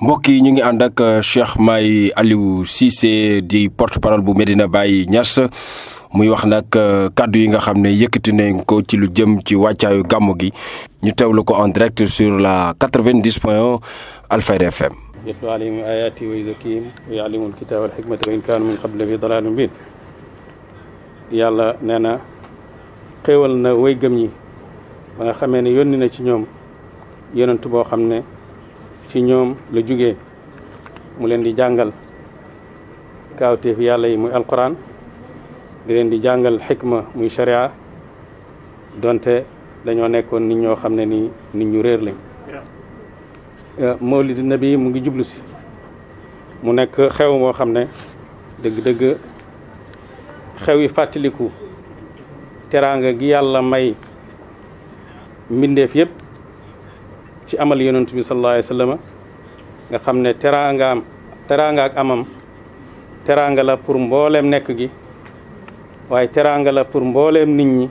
mbokk yi ñu ngi ànd ak euh, Cheikh Mahi Aliou Cissé di porte-parole bu Medina bàyyi Niass muy wax nag euh, kàddu yi nga xam ne yëkkati nañ ko ci lu jëm ci wàccaayu gàmmu gi ñu teewlu ko en direct sur la 90 point 1 FM. yatlu alayhim ayaati wa yuzakkihim wa yuallimuhum alkitaaba wal hikmata wa in kaanu yàlla nee na xéewal na way gëm ñi ba nga xamee ne yónni ci ñoom yonent boo xam ne. ci ñoom la jugee mu leen di jàngal kaawteef yàlla yi muy alquran di leen di jàngal xikma muy sharia donte dañoo nekkoon nit ñoo xam ne ni nit ñu réer lañ euh, mawlid bi mu ngi jublu ci mu nekk xew moo xam ne dëgg-dëgg xew yi fàttaliku teraanga gi yàlla may mbindeef yépp ci amal yonent bi sallallahu alayhi wa nga xam ne teraanga am teraanga amam teraanga la pour mbooleem nekk gi waaye teraanga la pour mbooleem nit ñi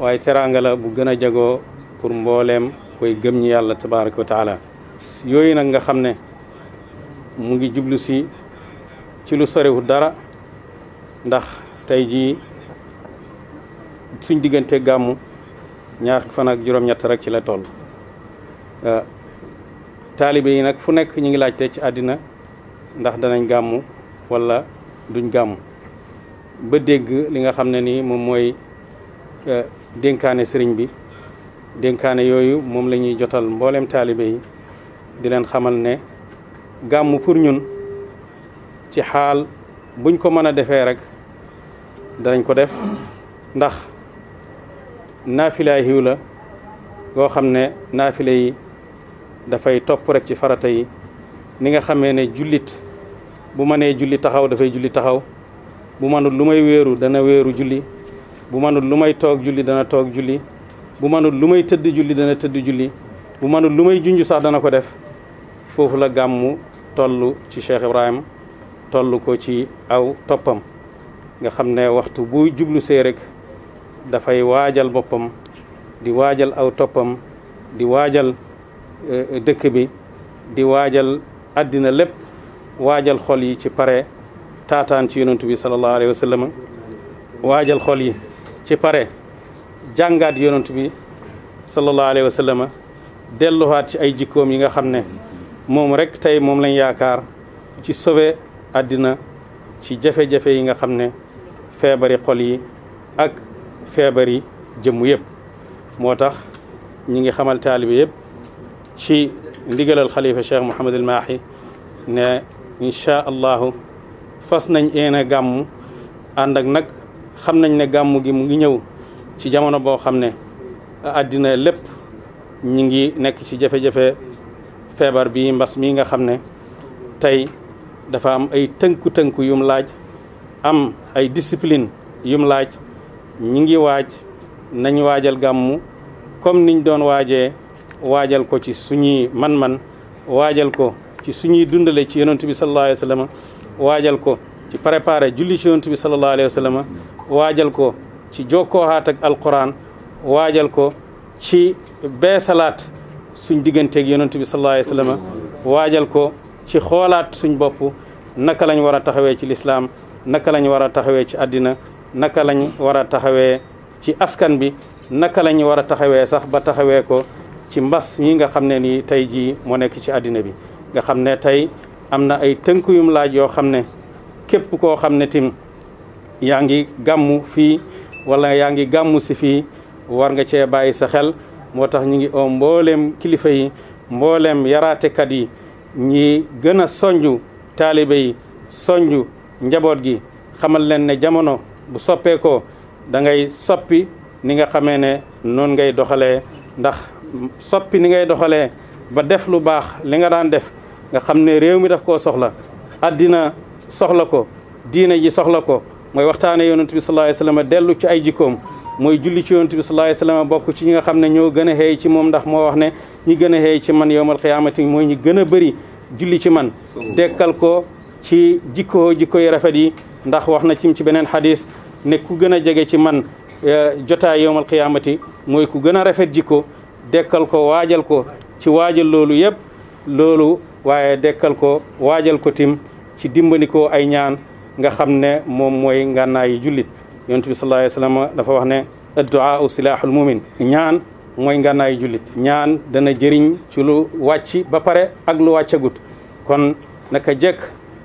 waaye teraanga la bu gën a jagoo pour mbooleem koy gëm ñi yàlla tabaraka wa taala yooyu nag nga xam ne mu ngi jublu si ci lu sorewul dara ndax tey jii suñ diggante gàmmu ñaar fan ak juróom-ñett rek ci la toll Euh, taalibe yi nag fu nekk ñu ngi laajte ci àddina ndax danañ gàmmu wala duñ gàmmu ba dégg li nga xam ne ni moom mooy euh, dénkaane sëriñ bi dénkaane yooyu moom lañuy jotal mbooleem taalibe yi di leen xamal ne gàmmu pour ñun ci xaal buñ ko mën a defee rek danañ ko def ndax naafila yiw la goo xam ne naafila yi dafay topp rek ci farata yi ni nga xamee ne jullit bu mënee julli taxaw dafay julli taxaw bu mënul lu may wéeru dana wéeru julli bu mënul lu may toog julli dana toog julli bu mënul lu may tëdd julli dana tëdd julli bu mënul lu may junj sax dana ko def foofu la gàmmu tollu ci Cheikh Ibrahim tollu ko ci aw toppam nga xam ne waxtu bu jublu see rek dafay waajal boppam di waajal aw toppam di waajal Eh, eh, dëkk bi di waajal addina lépp waajal xol yi ci pare taataan ci yonantu bi sallallahu alayhi wa waajal xol yi ci pare jàngaat yonantu bi sallallahu alayhi wa sallam delluwaat ci ay jikkoom yi nga xam ne moom rek tey moom lañ yaakaar ci sauver addina ci jafe-jafe yi nga xam ne feebari xol yi ak feebari jëmm yëpp moo tax ñi ngi xamal taalibe yëpp ci ndigalal xalifa cheikh Mouhamadul Mahi ne incha allahu fas nañ eene gàmm ànd ak nag xam nañ ne gàmm gi mu ngi ñëw ci jamono boo xam ne àddina lépp ñi ngi nekk ci jafe-jafe feebar bi mbas mi nga xam ne tey dafa am ay tënku-tënku yum laaj am ay discipline yum laaj ñi ngi waaj nañ waajal gàmm comme niñ doon waajee waajal ko ci suñuy man-man waajal ko ci suñuy dundale ci yonent bi sallallahu alayhi wa waajal ko ci préparé julli ci yonent bi sallallahu alayhi waajal ko ci jokkooxaat ak waajal ko ci beesalaat suñ digganteeg yonent bi sallallahu alayhi wa waajal ko ci xoolaat suñ bopp naka lañ war a taxawee ci lislaam naka lañ war a taxawee ci àddina naka lañ war a taxawee ci askan bi naka lañ war a taxawee sax ba taxawee ko ci mbas yi nga xam ne ni tey jii moo nekk ci àddina bi nga xam ne tey am na ay tënk yum laaj yoo xam ne képp koo xam ne tim yaa ngi gàmmu fii wala yaa ngi gàmmu si fii war nga cee bàyyi sa xel moo tax ñu ngi oo mbooleem kilifa yi mbooleem yaraatekat yi ñi gën a soñju taalibe yi soñju njaboot gi xamal leen ne jamono bu soppeekoo da ngay soppi ni nga xamee ne noonu ngay doxalee ndax soppi ni ngay doxalee ba def lu baax li nga daan def nga xam ne réew mi daf koo soxla addina soxla ko diine ji soxla ko mooy waxtaane yonent bi sallallahu alayhi wasallam dellu ci ay jikkoom mooy julli ci yonent bi sallallahu alayhi ci ñi nga xam ne ñoo gën a xëy ci moom ndax moo wax ne ñi gën a xëy ci man yowmal xiyaamati mooy ñi gën a bëri julli ci man dekkal ko ci jikkoo jikko yi rafet yi ndax wax na cim ci beneen xadis ne ku gën a jege ci man eh, jotaay yowmal xiyaamati mooy ku gën a rafet jikko dekkal ko waajal ko ci waajal loolu yëpp loolu waaye dekkal ko waajal ko tim ci ko ay ñaan nga xam ne moom mooy ngànnaay yi jullit yonent bi sallallahu alayhi wasallam dafa wax ne addu'a silahul mumin ñaan mooy ngànnaay yu jullit ñaan dana jëriñ ci lu wàcc ba pare ak lu wàccagut kon naka jekk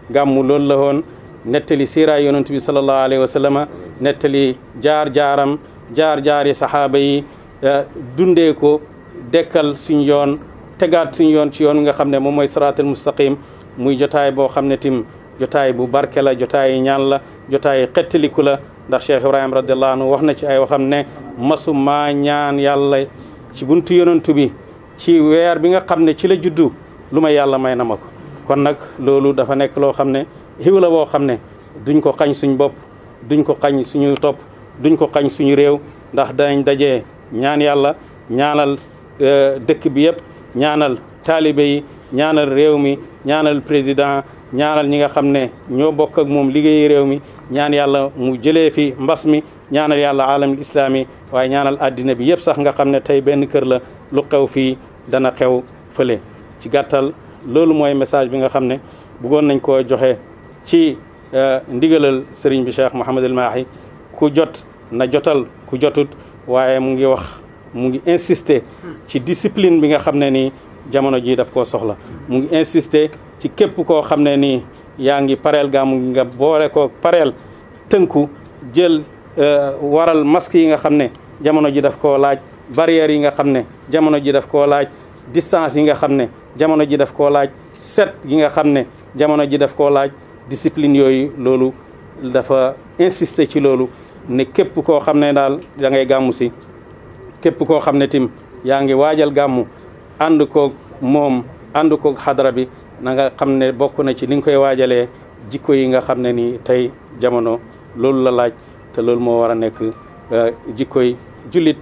gàmmu loolu la woon nettali siiraay yonent bi sallallahu alayhi nettali jaar jaaram jaar jaari sahaaba yi eh, dundee ko dekkal suñ yoon tegaat suñ yoon ci yoon nga xam ne moom mooy siraatal mustaqim muy jotaay boo xam ne tim jotaay bu barke la jotaay ñaan la jotaay xettaliku la ndax Cheikh Ibrahima radiallahu anhu wax na ci ay waxam ne masuma ñaan yàlla ci buntu yonantu bi ci weer bi nga xam ne ci la juddu lu ma yàlla may na ma ko kon nag loolu dafa nekk loo xam ne xiw la boo xam ne duñ ko xañ suñ bopp duñ ko xañ suñu topp duñ ko xañ suñu réew ndax dañ daje ñaan yàlla ñaanal Euh, dëkk bi yëpp ñaanal taalibe ñaanal réew mi ñaanal président ñaanal ñi nga xam ne ñoo bokk ak moom liggéey réew mi ñaan yàlla mu jëlee fi mbas mi ñaanal yàlla aalamul islaami waaye ñaanal àddina bi yëpp sax nga xam ne tey benn kër la lu xew fii dana xew fële ci gàttal loolu mooy message bi nga xam ne bëggoon nañ ko joxe ci euh, ndigalal sëriñ bi Cheikh Mouhamadul Mahi ku jot na jotal ku jotut waaye mu ngi wax mu ngi insister ci discipline bi nga xam ne nii jamono jii daf koo soxla mu ngi ci képp koo xam ne nii yaa ngi pareel gàmmu nga boole ko pareel tënku jël euh, waral masque yi nga xam ne jamono ji daf koo laaj barrières yi nga xam ne jamono ji daf koo laaj distance yi nga xam ne jamono ji daf koo laaj set yi nga xam ne jamono ji daf koo laaj discipline yooyu loolu dafa insister ci loolu ne képp koo xam ne daal da ngay gàmmu si képp koo xam ne tim yaa ngi waajal gàmmu ànd koog moom ànd koog xadara bi na nga xam ne bokk na ci li nga koy waajalee jikko yi nga xam ne ni tey jamono loolu la laaj te loolu moo war a nekk euh, jikkoy julit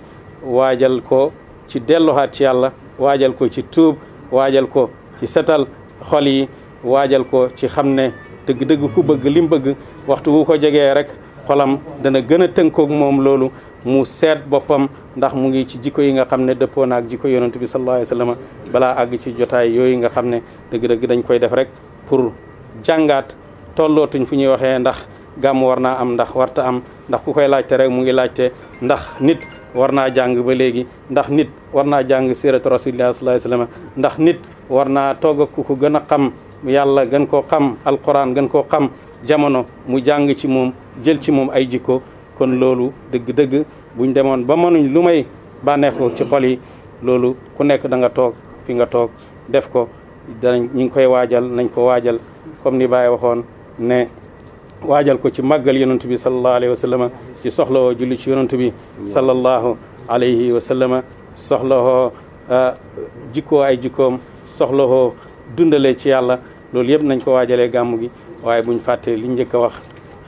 waajal ko ci delluwaat ci yàlla waajal ko ci tuub waajal ko ci setal xol yi waajal ko ci xam ne dëgg-dëgg ku bëgg li mu bëgg waxtu wu ko jegee rek xolam dana gën a tënkoog moom loolu mu seet boppam ndax mu ngi ci jikko yi nga xam ne dëppoo na ak jikko yonent bi sallallahu alayhi wa sallam balaa àgg ci jotaay yooyu nga xam ne dëgg-dëgg koy def rek pour jàngaat tollootuñ fu ñuy waxee ndax gàmm war naa am ndax warta am ndax ku koy laajte rek mu ngi laajte ndax nit war naa jàng ba léegi ndax nit war naa jàng siratu rasulillah sallallahu alayhi wa ndax nit war naa toog ak ku ko gën a xam yàlla gën koo xam alquran gën koo xam jamono mu jàng ci moom jël ci moom ay jikko kon loolu dëgg-dëgg buñ demoon ba mënuñ lu may bànneexlu ci xol yi loolu ku nekk da nga toog fi nga toog def ko danañ ñu ngi koy waajal nañ ko waajal comme ni Baye waxoon ne waajal ko ci màggal yonent bi sallallahu alayhi wa sallama ci soxlawoo julli ci yonent bi sallallahu alayhi wa sallama soxlawoo ah, jikkoo ay jikkoom soxlawoo dundale ci yàlla loolu yëpp nañ ko waajalee gàmmu gi waaye buñ fàttee liñ njëkk a wax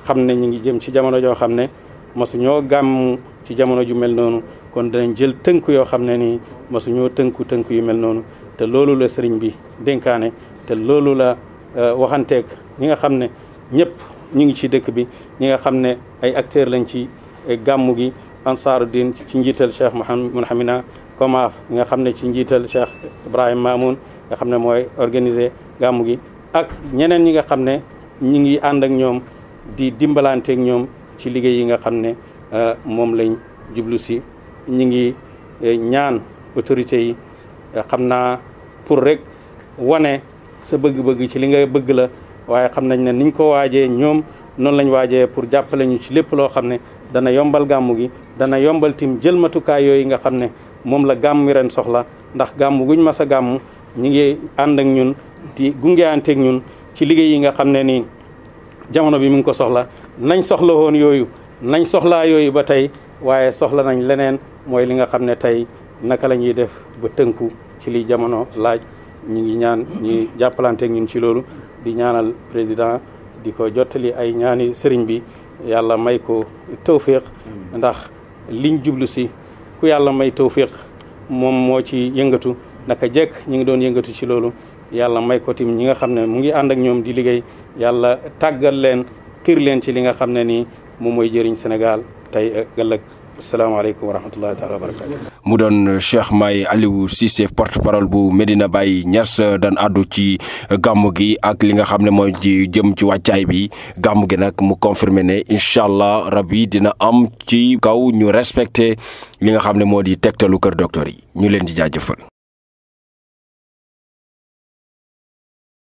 xam ne ñu ngi jëm ci jamono joo xam ne masuñoo gàmm ci jamono ju mel noonu kon danañ jël tënk yoo xam ne nii masuñoo tënku tënk yu mel noonu te loolu la sëriñ bi dénkaane te loolu la euh, waxanteeg ñi nga xam ne ñëpp ñu ngi ci dëkk bi ñi nga xam ne ay acteurs lañ ci e, gàmmu gi ansaaru diin ci njiital cheikh Mouhamed Hamina Komaaf nga xam ne ci njiital cheikh Ibrahim Mamoun nga xam ne mooy organiser gàmmu gi ak ñeneen ñi nga xam ne ñi ngi ànd ak ñoom di dimbalante ak ñoom ci liggéey yi nga xam ne euh, moom lañ jublu si ñi ngi euh, ñaan autorités yi euh, xam naa pour rek wane sa bëgg-bëgg ci li nga bëgg la waaye xam nañ ne niñ ko waajee ñoom noonu lañ waajee pour jàppale ñu ci lépp loo xam ne dana yombal gàmmu gi dana yombal tim jël matukaay yooyu nga xam ne moom la gàmmu ren soxla ndax gàmmu guñ mas a gàmmu ñi ngi ànd ak ñun di gungeante ñun ci liggéey yi nga xam ne nii jamono bi mu ngi ko soxla nañ soxla woon yooyu nañ soxlaa yooyu ba tey waaye soxla nañ leneen mooy li nga xam ne tey naka la ñuy def ba tënku ci li jamono laaj ñu ngi ñaan ñi jàppalante ñun ci loolu di ñaanal président di ko jottali ay ñaani sëriñ bi yàlla may ko tawfiq ndax liñ jublu si ku yàlla may tawfiq moom moo ci yëngatu naka jekk ñu ngi doon yëngatu ci loolu yàlla may ko tim ñi nga xam ne mu ngi ànd ak ñoom di liggéey yàlla tàggal leen kër leen ci li nga xam ne nii moom mooy jëriñ Sénégal tey ëllëg asalaamaaleykum wa rahmatullahi taala wa barakatu mu doon Cheikh Mahi Aliou Cissé porte parole bu Medina Baye Niass daan addu ci gàmm gi ak li nga xam ne mooy ci jëm ci wàccaay bi gàmm gi nag mu confirmé ne incha allah rab yi dina am ci kaw ñu respecté li nga xam ne moo di tegtalu kër docteur yi ñu leen di jaajëfal